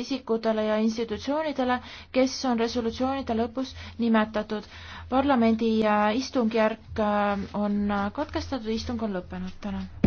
isikutele ja institutsioonidele, kes on resolutsioonide lõpus nimetatud. parlamendi äh, istungjärk äh, on katkestatud, istung on lõppenud, tänan.